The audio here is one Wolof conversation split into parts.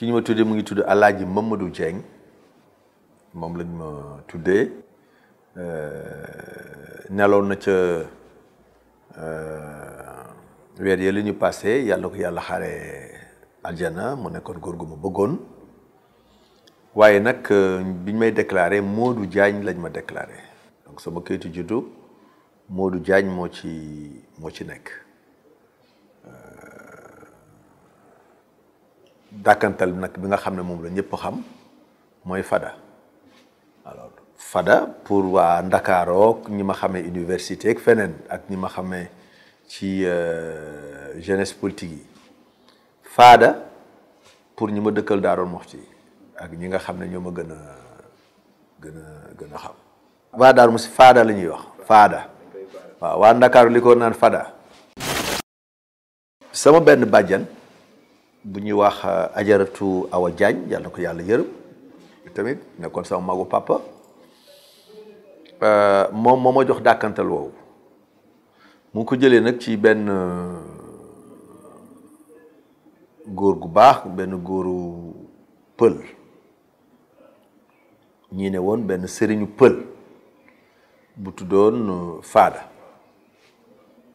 ki ñu ma tuddee mu ngi tudd Alaaji Mamadou Dieng moom lañ ma tuddee euh, neloon na ca euh, weer yi li ñu yàlla ko yàlla xaare aljana mu nekkoon góor gu ma bëggoon waaye nag euh, biñ may déclaré Modou jaañ lañ ma déclaré donc sama kayitu juddu Modou jaañ moo ci moo ci nekk dàkkantal nag bi nga xam ne moom la ñëpp xam mooy fada alors fada pour waa ndakaarook ñi ma xamee université ak feneen ak ñi ma xamee ci euh, jeunesse politique yi faada pour ñi ma dëkkal Daaru Muxti ak ñi nga xam ne ñoo ma gën a gën a gën a xam waa Daaru Muxti faada la ñuy wax faada waa ndakaaru li ko naan fada sama benn bàjjan bu ñuy wax euh, ajaratu Awa Diagne yàlla ko yàlla yërëm tamit nekkoon sama magu papa euh, moom moo ma jox dàkkantal woowu mu ngi ko jëlee nag ci benn euh, góor gu baax benn góoru pël ñii ne woon benn sëriñu pël bu tuddoon Faada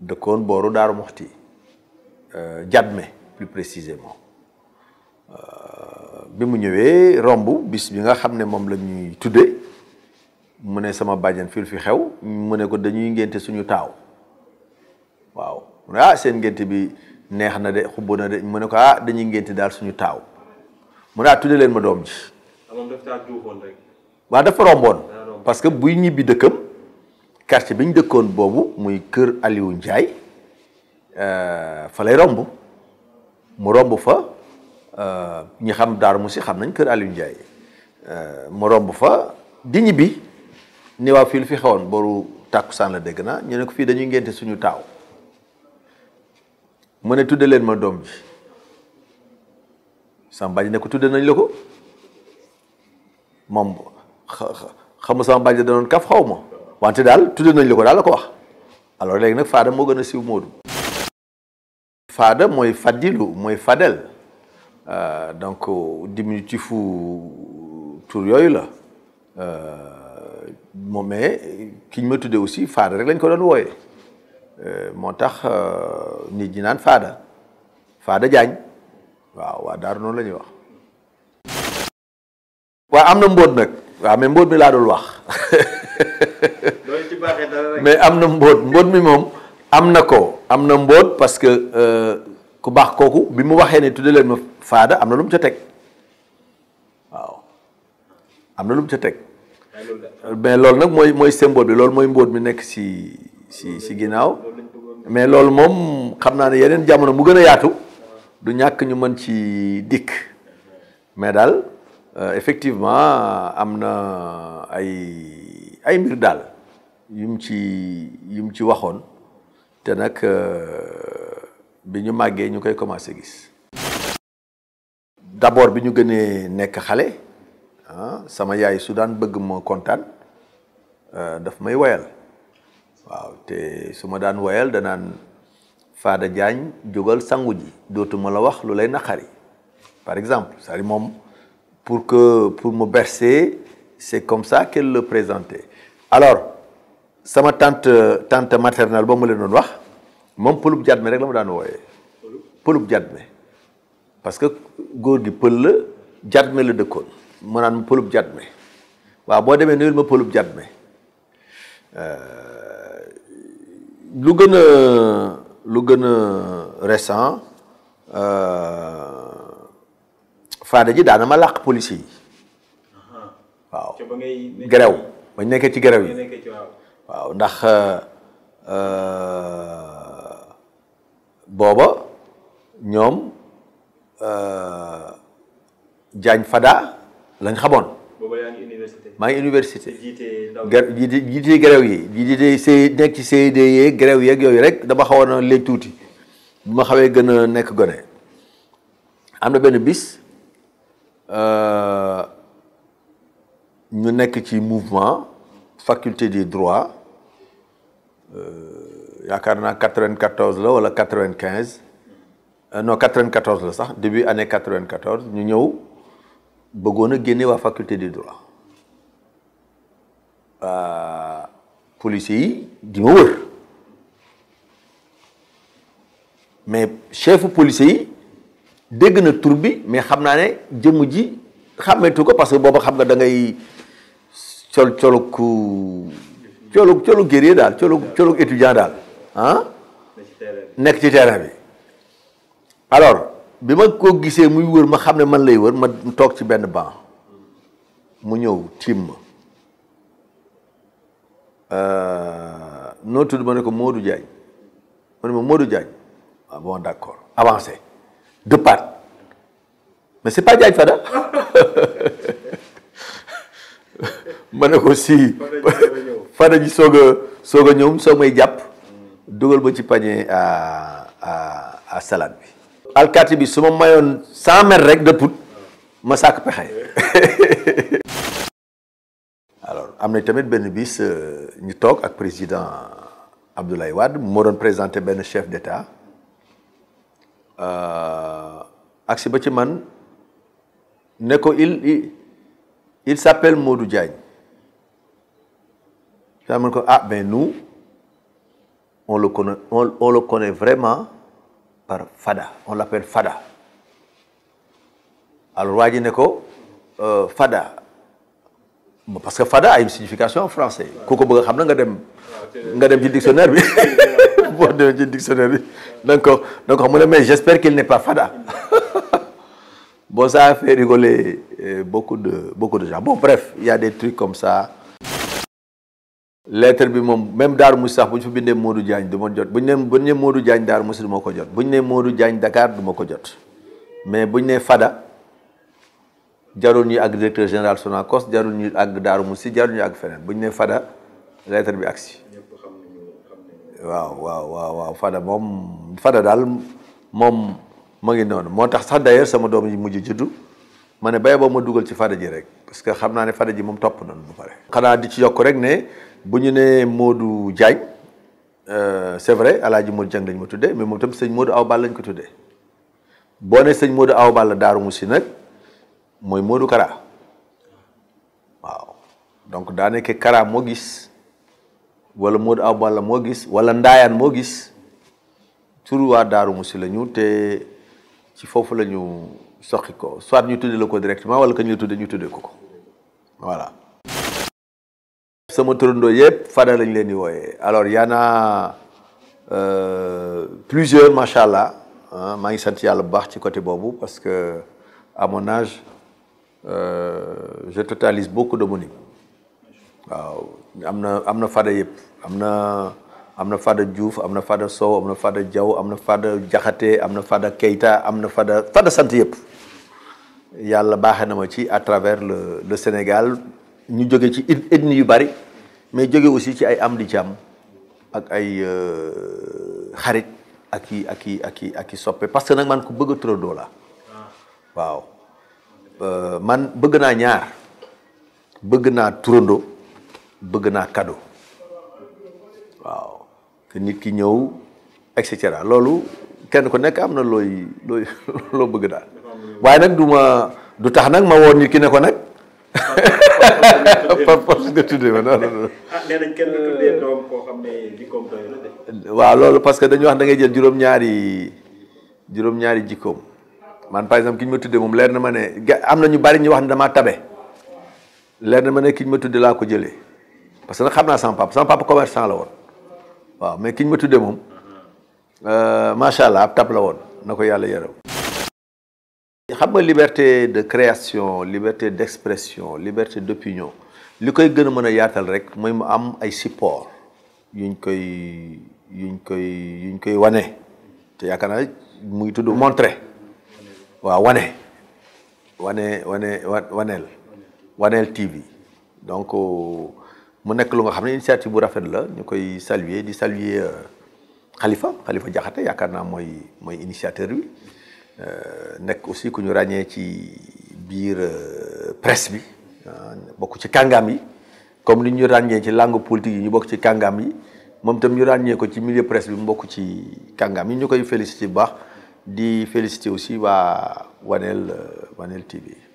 dëkkoon booru Daaru Moxti jadme plus précisément euh, bi mu ñëwee romb bis bi nga xam ne moom la ñuy tuddee mu ne sama bàjjen fii fi xew mu ne ko dañuy ngénte suñu taaw waaw mu ne ah seen ngénte bi neex na de xubbu na de mu ne ko ah dañuy ngénte daal suñu taaw mu ne ah tuddee leen ma doom ji. Ah, waaw dafa romboon. parce que buy ñibbi dëkkam quartier bi ñu dëkkoon boobu muy kër Aliou Ndiaye euh, fa lay romb. mu romb fa euh, ñi xam Darou Moussi xam nañ kër Alioune Ndiaye euh, mu romb fa di ñibbi ni waa fii lu fi xewoon booru tàkkusaan la dégg naa ñu ne ko fii dañuy ngénte suñu taaw mu ne tudde leen ma doom ji sama bàjj ne ko tudde nañ la ko moom xamu sama bàjj da doon kaf xaw ma wante daal tudde nañ la ko daal la ko wax alors léegi nag Fada moo gën a siw Moodu faada mooy faddilu mooy fadel euh, donc diminutifu tur yooyu la euh, moom mais ki ma tuddee aussi faada rek lañ ko doon wooye euh, moo tax nit ñi naan faada faada jaañ waaw waa daaru noonu la ñuy wax waa am na mbóot nag waaw mais mbóot mi laa dul wax mais am na mbóot mbóot mi moom am na ko am na mbóot parce que euh, ku baax kooku bi mu waxee ne tudde leen ma faada am na lu mu ca teg waaw am na lu mu ca teg mais loolu nag mooy mooy symbole bi loolu mooy mbóot mi nekk si si si ginnaaw mais loolu moom xam naa ne yeneen jamono mu gën a yaatu du ñàkk ñu mën ci dikk mais daal euh, effectivement am na ay ay mbir daal yum ci yum ci waxoon te nag euh, bi ñu màggee ñu koy commencé gis. d'abord bi ñu gënee nekk xale ah sama yaay su daan bëgg ma kontaan euh, dafa may woyal waaw te su ma daan woyal danaan Fada Diagne jógal sangu ji dootuma la wax lu lay naqari par exemple cest moom pour que pour me bercer c'est comme ça qu'elle le présentait alors. sama tante tante maternelle ba mu leen doon wax moom pëlub jàdme rek la mu daan wooyee pëlub jàdme parce que góor gi pël la jàdme la dëkkoon mu naan ma pëlub jàdme waaw boo demee nuyul ma pëlub jàdme euh, lu gën a lu gën a récent euh, faada ji daana ma làq police yi waaw gerew bañ nekkee ci gerew yi waaw ndax euh, euh, booba ñoom euh, Diagne Fada lañ xamoon. booba université. maa ngi université. jiite ndaw yi jiite grève yi jiite C nekk ci CED yeeg grève yeeg yooyu rek dama xawoon a léegi tuuti bu ma xawee gën a nekk gone. am na benn bis ñu nekk ci mouvement faculté du droit. Euh, yaakaar naa 94 la wala 95 no 94 la sax début année 94 ñu ñëw bëggoon a génne waa faculté du droit euh, policiers yi di ma wër mais chefu policiers yi dégg na tur mais xam naa ne jëmm ji xàmmeetu ko parce que booba xam nga dangay ngay col coloku coolu coolu guerrier daal coolu coolu étudiant daal ah nekk ci terrain bi alors bi ma koo gisee muy wër ma xam ne man lay wër ma mu toog ci benn banc mu ñëw tiim ma euh, noo tudd ma ko moodu Diagne ma ne ma Modou Diagne waaw ah avancé dëppaat mais c'est pas Diagne Fada ma ko si fada ji soog a soog a ñëw soog may jàpp dugal ba ci pañe à à bi. alkaati bi su ma mayoon cent rek dëpput ma sàkk pexe. alors am na tamit benn bis euh, ñu toog ak président Abdoulaye Wade moo doon présenté benn chef d'état euh, agsi ba ci man ne ko il il s'appelle Modou Diagne. daa ko ah mais nous on le on, on le vraiment par Fada on l'appelle Fada alors waa ji ne ko euh, Fada parce que Fada a une signification en français ku ko bëgg a xam na nga dem nga dem ci dictionnaire bi boo demee ci dictionnaire bi da nga ko da nga ko ne mais Fada bon ça a fait rigoler euh, de beaucoup bon bref y a des trucs ça lettre bi moom même Daaru Musi sax bu ñu fa bindee Modou Diagne du jot bu ñu nee bu ñu nee Modou Diagne Daaru Musi du ma ko jot bu ñu nee Modou Diagne Dakar du ma ko jot mais bu ñu nee Fada jarul ak àgg directeur général Sonacos jarul ñuy àgg Daaru mus si ñuy àgg feneen bu ñu nee Fada lettre bi agsi waaw waaw waaw waaw Fada moom Fada daal moom ma ngi noonu moo tax sax d'ailleurs sama doom yi mujj juddu ma ne bay boo ma dugal ci Fada ji rek parce que xam naa ne Fada ji moom topp nañu ba di ci yokk rek ne. bu ñu nee Modou Diagne euh, c'est vrai alaaji Modou Diagne lañ ma tuddee mais moom tam sëñ Modou Awa Balla lañ ko tudde boo ne sëñ Modou Awa Balla Daaru Musi nag mooy moodu Kara waaw donc daa nekkee Kara moo gis wala Modou Awa Balla moo gis wala Ndaayaan moo gis tur waa Daaru Musi lañu te ci foofu la ñu soqi ko soit ñu tudde la ko directement wala que ñu tudde ñu tuddee ko ko voilà sama turandoo yëpp Fada lañ leen di wooyee alors y naa a euh, plusieurs macha allah maa ngi sant yàlla bu baax ci côté boobu parce que à mon âge euh, je totalise beaucoup d'homonymes waaw am na am na Fada yëpp am na am na Fada Diouf am na Fada Sow am na Fada Diaw am na Fada Jaxate am na Fada Keita am na Fada Fada sant yëpp yàlla baaxe na ma ci à travers le le Sénégal ñu jóge ci ethnie yu bari mais jóge aussi ci ay am di jàmm ak ay euh, xarit ak i ak i ak i ak soppe parce que nag man ku bëgg a Trudeau la waaw euh, man bëgg naa ñaar bëgg naa Trudeau bëgg naa cadeau waaw ki ñëw et cetera loolu kenn ku nekk am na looy looy loo bëgg daal waaye nag du ma du tax nag ma woon nit ki ne ko nag par ma non non ah, waaw loolu parce que dañu wax da ngay jël juróom-ñaari juróom-ñaari jikkoom man par exemple ki ñu ma tuddee moom leer na ma ne am na ñu bari ñu wax ne damaa tabe leer na ma ne ki ma tuddee laa ko jëlee parce que nag xam naa sama papa sama papa commerçant la woon waaw mais kiñ ma tuddee moom euh, macha allah ab tab la woon na ko yàlla yaram xam nga liberté de création liberté d'expression liberté d'opinion li koy gën a mën a yaatal rek mooy mu am ay support yuñ koy yuñ koy yuñ koy wane te yaakaar naa mu ngi tudd montré waa wane wane wane waneel waneel TV donc mu nekk lu nga xam ne initiative bu rafet la ñu koy saluer di saluer xalifa euh, xalifa Diakhaté yaakaar naa mooy mooy initiateur bi Euh, nekk aussi ku ñu ràññee ci biir euh, presse bi ah, bokk ci kàngaam yi comme li ñu ràññee ci langue politique yi ñu bokk ci kàngaam yi moom tam ñu ràññee ko ci milieu presse bi mu bokk ci kàngam yi ñu koy félicité bu baax di félicité aussi baa Waneel euh, Waneel TV.